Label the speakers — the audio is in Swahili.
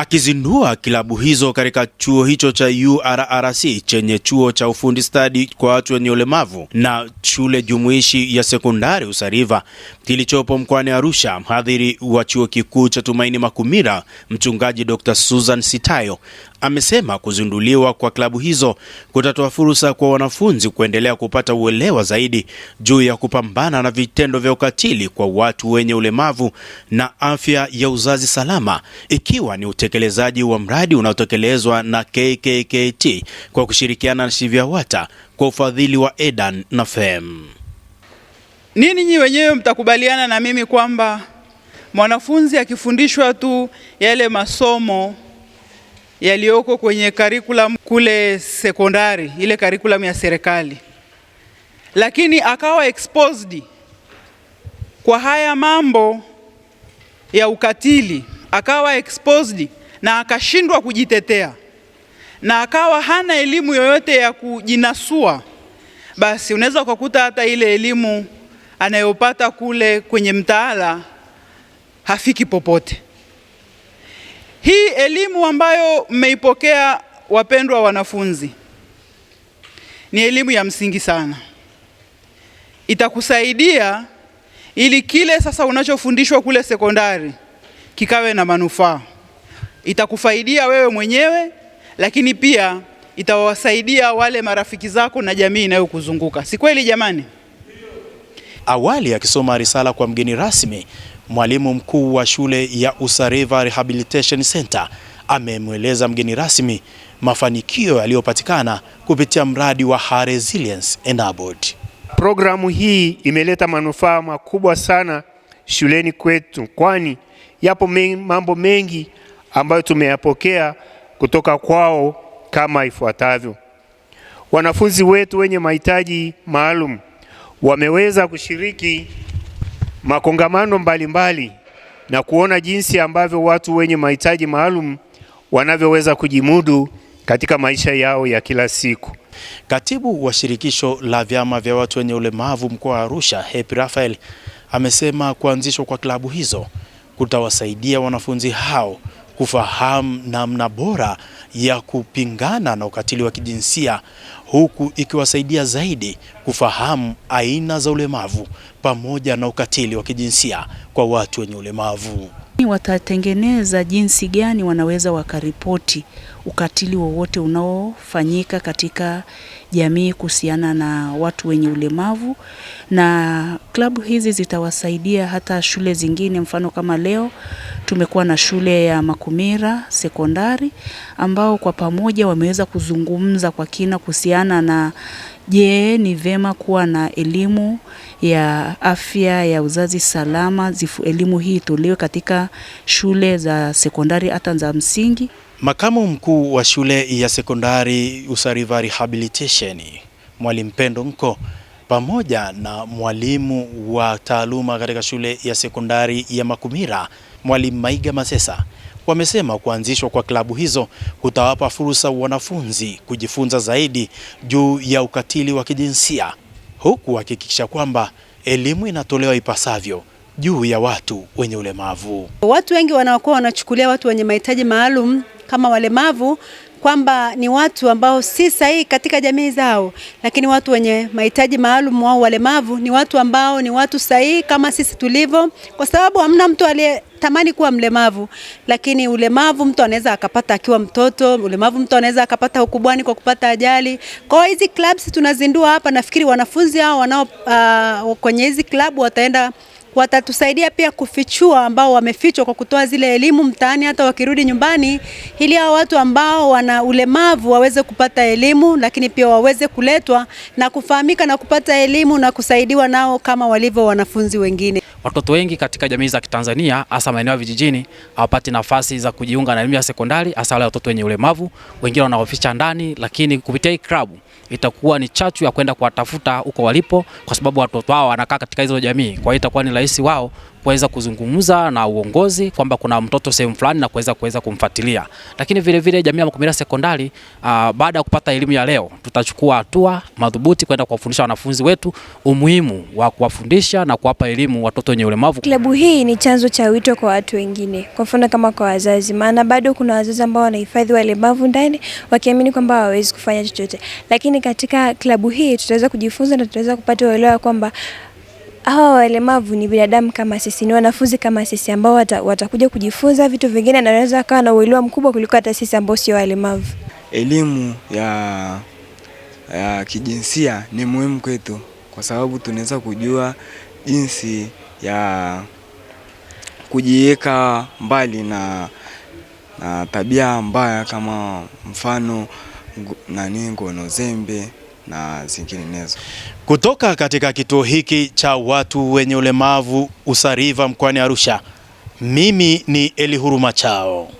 Speaker 1: Akizindua kilabu hizo katika chuo hicho cha URRC chenye chuo cha ufundi stadi kwa watu wenye ulemavu na shule jumuishi ya sekondari Usariva kilichopo mkoani Arusha, mhadhiri wa chuo kikuu cha Tumaini Makumira, mchungaji Dr. Susan Sitayo Amesema kuzinduliwa kwa klabu hizo kutatoa fursa kwa wanafunzi kuendelea kupata uelewa zaidi juu ya kupambana na vitendo vya ukatili kwa watu wenye ulemavu na afya ya uzazi salama, ikiwa ni utekelezaji wa mradi unaotekelezwa na KKKT kwa kushirikiana na SHIVYAWATA kwa ufadhili wa EDAN na FEM.
Speaker 2: Nini nyi wenyewe mtakubaliana na mimi kwamba mwanafunzi akifundishwa tu yale masomo yaliyoko kwenye curriculum kule sekondari, ile curriculum ya serikali, lakini akawa exposed kwa haya mambo ya ukatili, akawa exposed na akashindwa kujitetea na akawa hana elimu yoyote ya kujinasua, basi unaweza ukakuta hata ile elimu anayopata kule kwenye mtaala hafiki popote. Hii elimu ambayo mmeipokea wapendwa wanafunzi, ni elimu ya msingi sana, itakusaidia ili kile sasa unachofundishwa kule sekondari kikawe na manufaa. Itakufaidia wewe mwenyewe, lakini pia itawasaidia wale marafiki zako na jamii inayokuzunguka. Si kweli jamani?
Speaker 1: Awali akisoma risala kwa mgeni rasmi mwalimu mkuu wa shule ya Usareva Rehabilitation Center amemweleza mgeni rasmi mafanikio yaliyopatikana kupitia mradi wa Her Resilience Enabled.
Speaker 3: Programu hii imeleta manufaa makubwa sana shuleni kwetu, kwani yapo mambo mengi ambayo tumeyapokea kutoka kwao kama ifuatavyo. Wanafunzi wetu wenye mahitaji maalum wameweza kushiriki makongamano mbalimbali mbali, na kuona jinsi ambavyo watu wenye mahitaji maalum wanavyoweza kujimudu katika maisha yao ya kila siku.
Speaker 1: Katibu wa shirikisho la vyama vya watu wenye ulemavu mkoa wa Arusha, Happy rafael amesema kuanzishwa kwa klabu hizo kutawasaidia wanafunzi hao kufahamu namna bora ya kupingana na ukatili wa kijinsia huku ikiwasaidia zaidi kufahamu aina za ulemavu pamoja na ukatili wa kijinsia kwa watu wenye ulemavu
Speaker 4: watatengeneza jinsi gani wanaweza wakaripoti ukatili wowote unaofanyika katika jamii kuhusiana na watu wenye ulemavu, na klabu hizi zitawasaidia hata shule zingine. Mfano kama leo tumekuwa na shule ya Makumira sekondari ambao kwa pamoja wameweza kuzungumza kwa kina kuhusiana na Je, ni vema kuwa na elimu ya afya ya uzazi salama? Zifu, elimu hii itolewe katika shule za sekondari hata za msingi.
Speaker 1: Makamu mkuu wa shule ya sekondari Usariva Rehabilitation Mwalimu Pendo Mko pamoja na mwalimu wa taaluma katika shule ya sekondari ya Makumira, Mwalimu Maiga Masesa, wamesema kuanzishwa kwa klabu hizo kutawapa fursa wanafunzi kujifunza zaidi juu ya ukatili wa kijinsia huku hakikisha kwamba elimu inatolewa ipasavyo juu ya watu wenye ulemavu.
Speaker 5: Watu wengi wanaokuwa wanachukulia watu wenye mahitaji maalum kama walemavu kwamba ni watu ambao si sahihi katika jamii zao, lakini watu wenye mahitaji maalum au walemavu ni watu ambao ni watu sahihi kama sisi tulivyo, kwa sababu hamna mtu aliye tamani kuwa mlemavu, lakini ulemavu mtu anaweza akapata akiwa mtoto, ulemavu mtu anaweza akapata ukubwani kwa kupata ajali. Kwa hizi clubs tunazindua hapa, nafikiri wanafunzi hao wanao uh, kwenye hizi club wataenda watatusaidia pia kufichua ambao wamefichwa kwa kutoa zile elimu mtaani, hata wakirudi nyumbani, ili hao watu ambao wana ulemavu waweze kupata elimu, lakini pia waweze kuletwa na kufahamika na kupata elimu na kusaidiwa nao kama walivyo wanafunzi wengine.
Speaker 6: Watoto wengi katika jamii za Kitanzania hasa maeneo ya vijijini hawapati nafasi za kujiunga na elimu ya sekondari, hasa wale watoto wenye ulemavu, wengine wanaoficha ndani, lakini kupitia hii klabu itakuwa ni chachu ya kwenda kuwatafuta huko walipo, kwa sababu watoto wao wanakaa katika hizo jamii. Kwa hiyo itakuwa ni rahisi wao kuweza kuzungumza na uongozi kwamba kuna mtoto sehemu fulani na kuweza kuweza kumfuatilia. Lakini vile vile jamii ya Makumira Sekondari, ah, baada ya kupata elimu ya leo, tutachukua hatua madhubuti kwenda kuwafundisha wanafunzi wetu umuhimu wa kuwafundisha na kuwapa elimu watoto wenye ulemavu.
Speaker 7: Klabu hii ni chanzo cha wito kwa watu wengine, kwa mfano kama kwa wazazi, maana bado kuna wazazi ambao wanahifadhi walemavu ndani wakiamini kwamba hawawezi kufanya chochote, lakini katika klabu hii tutaweza kujifunza na tutaweza kupata uelewa kwamba hawa walemavu ni binadamu kama sisi, ni wanafunzi kama sisi ambao watakuja wata kujifunza vitu vingine na wanaweza wakawa na uelewa mkubwa kuliko hata sisi ambao sio walemavu.
Speaker 8: Elimu ya, ya kijinsia ni muhimu kwetu kwa sababu tunaweza kujua jinsi ya kujiweka mbali na, na tabia mbaya kama mfano nani, ngono zembe na zinginezo.
Speaker 1: Kutoka katika kituo hiki cha watu wenye ulemavu Usariva mkoani Arusha, mimi ni Elihuru Machao.